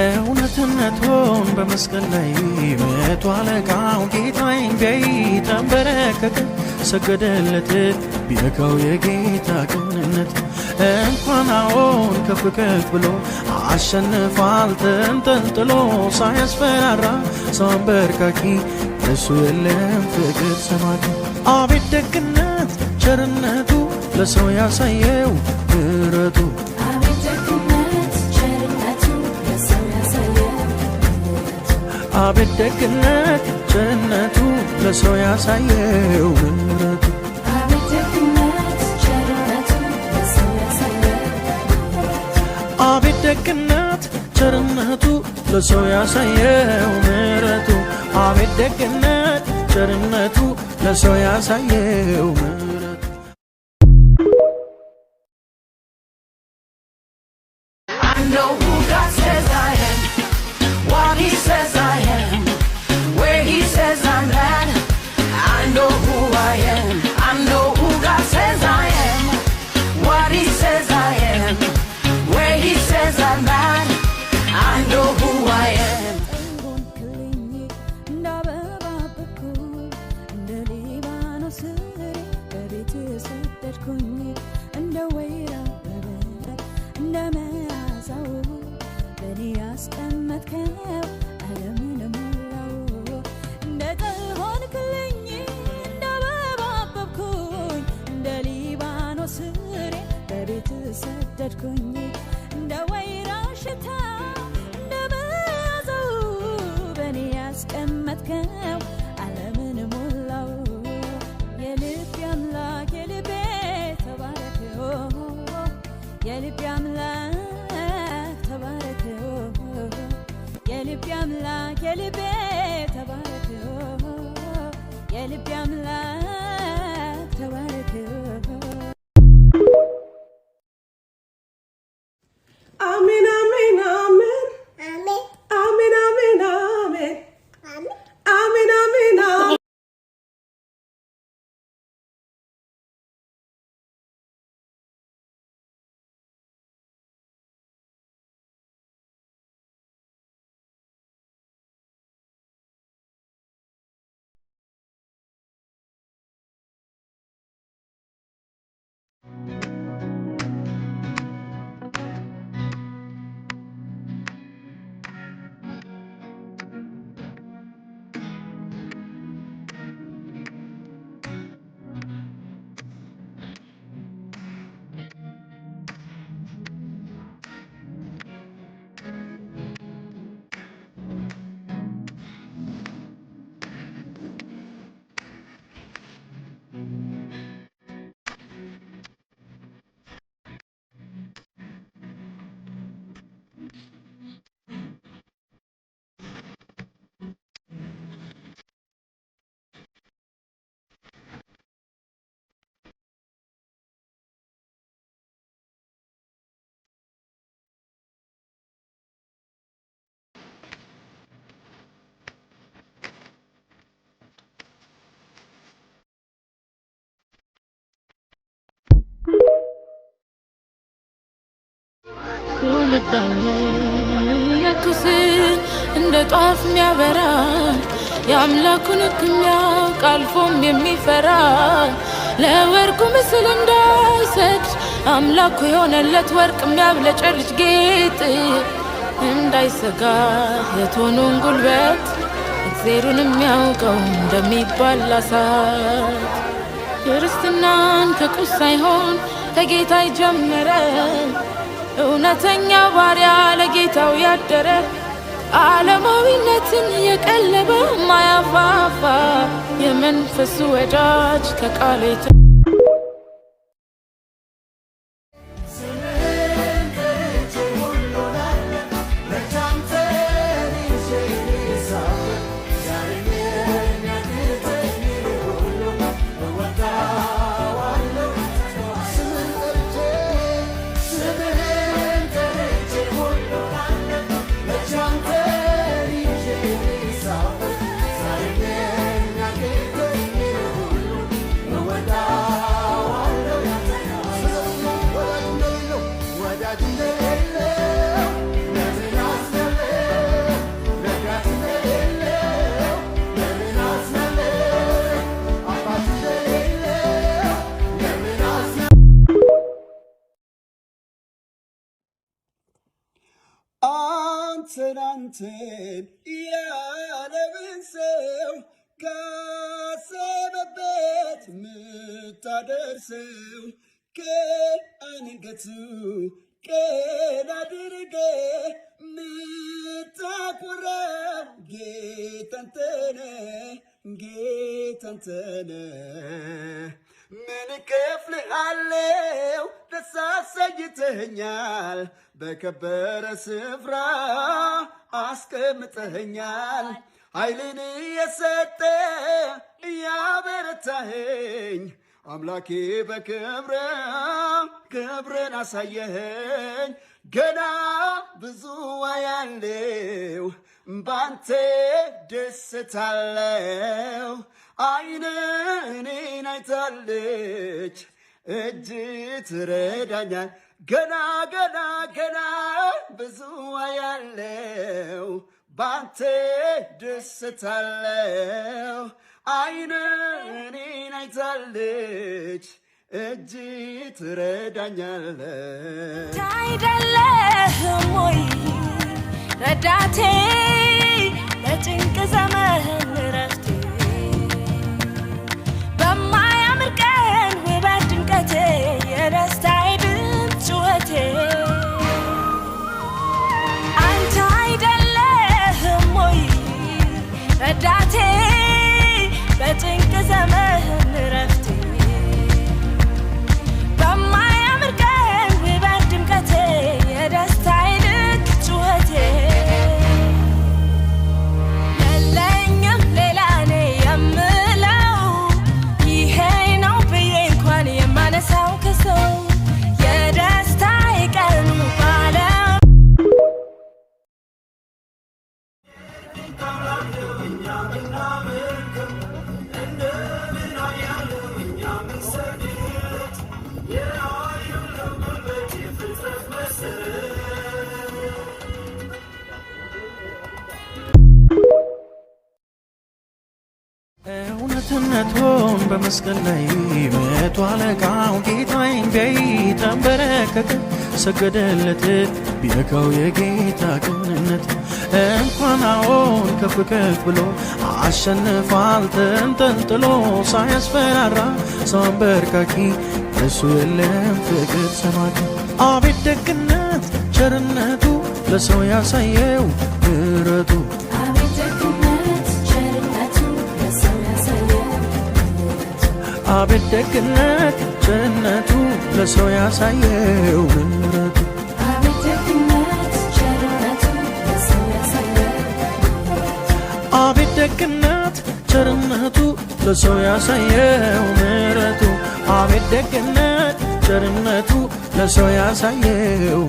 እውነትነቱን በመስቀል ላይ መቶ አለቃው ጌታዬን ቢያይ ተንበረከከ ሰገደለት ቢረካው የጌታ ቅንነት እንኳን አዎን ከፍ ከፍ ብሎ አሸንፏል ተንጠልጥሎ ሳያስፈራራ ሰው አንበርካኪ እሱ የለም ፍቅር ሰማቂ አቤት ደግነት ቸርነቱ ለሰው ያሳየው ምሕረቱ አቤት ደግነት ጀነቱ ለሰው ያሳየው ምሕረቱ አቤት ደግነት ቸርነቱ ለሰው ያሳየው ምሕረቱ አቤት ደግነት ቸርነቱ ለሰው ያሳየው ወደድኩኝ እንደ ወይራ ሽታ እንደ መዓዛው በእኔ ያስቀመጥከው ዓለምን ሞላው የልቤ አምላክ የልቤ ተባረክ የልቤ አምላክ ተባረክ የልቤ አምላክ የልቤ ተባረክ የልቤ አምላክ ልዳኝ ኢየሱስን እንደ ጧፍ የሚያበራ የአምላኩን ሕግ የሚያውቅ አልፎም የሚፈራ ለወርቁ ምስል እንዳይሰግድ አምላኩ የሆነለት ወርቅ የሚያብለጨልጭ ጌጥ እንዳይሰጋ የቶኑን ጉልበት እግዜሩን የሚያውቀው እንደሚባል ላሳት ክርስትናን ከቁስ ሳይሆን ከጌታ ይጀምረ እውነተኛ ባሪያ ለጌታው ያደረ ዓለማዊነትን የቀለበ ማያፋፋ የመንፈሱ ወዳጅ ከቃሉ አንተን ያለምን ሰው ካሰበበት ምታደርሰው ቀን አንገቱ ቀን አድርገ ምታኮራው ጌታንተነ ጌታንተነ ምን ከፍልሃለው ተሳሰይተኛል በከበረ ስፍራ አስቀምጠኸኛል። ኃይልን የሰጠ እያበረታኸኝ አምላኬ በክብረ ክብረን አሳየኸኝ። ገና ብዙ ያለው ባንተ ደስታለው አይን እኔን አይታለች እጅ ትረዳኛል ገና ገና ገና ብዙ ያለው ባንተ ደስታለው አይታለች እጅ ትረዳኛለ አይደለህም ወይ ረዳቴ በጭንቅ ዘመን ረፍት በመስቀል ላይ መቶ አለቃው ጌታዬን ቢያይ ተንበረከከ፣ ሰገደለት። ቢነካው የጌታ ቅንነት እንኳን አዎን ከፍ ከፍ ብሎ አሸንፏል ተንጠልጥሎ ሳያስፈራራ ሰው አንበርካኪ እሱ የለም ፍቅር ሰማኪ። አቤት ደግነት ቸርነቱ ለሰው ያሳየው ምሕረቱ ደግነት ጀነቱ ለሰው ያሳየው ምረቱ አቤት ደግነት ቸርነቱ ለሰው ያሳየው ምረቱ አቤት ደግነት ቸርነቱ ለሰው ያሳየው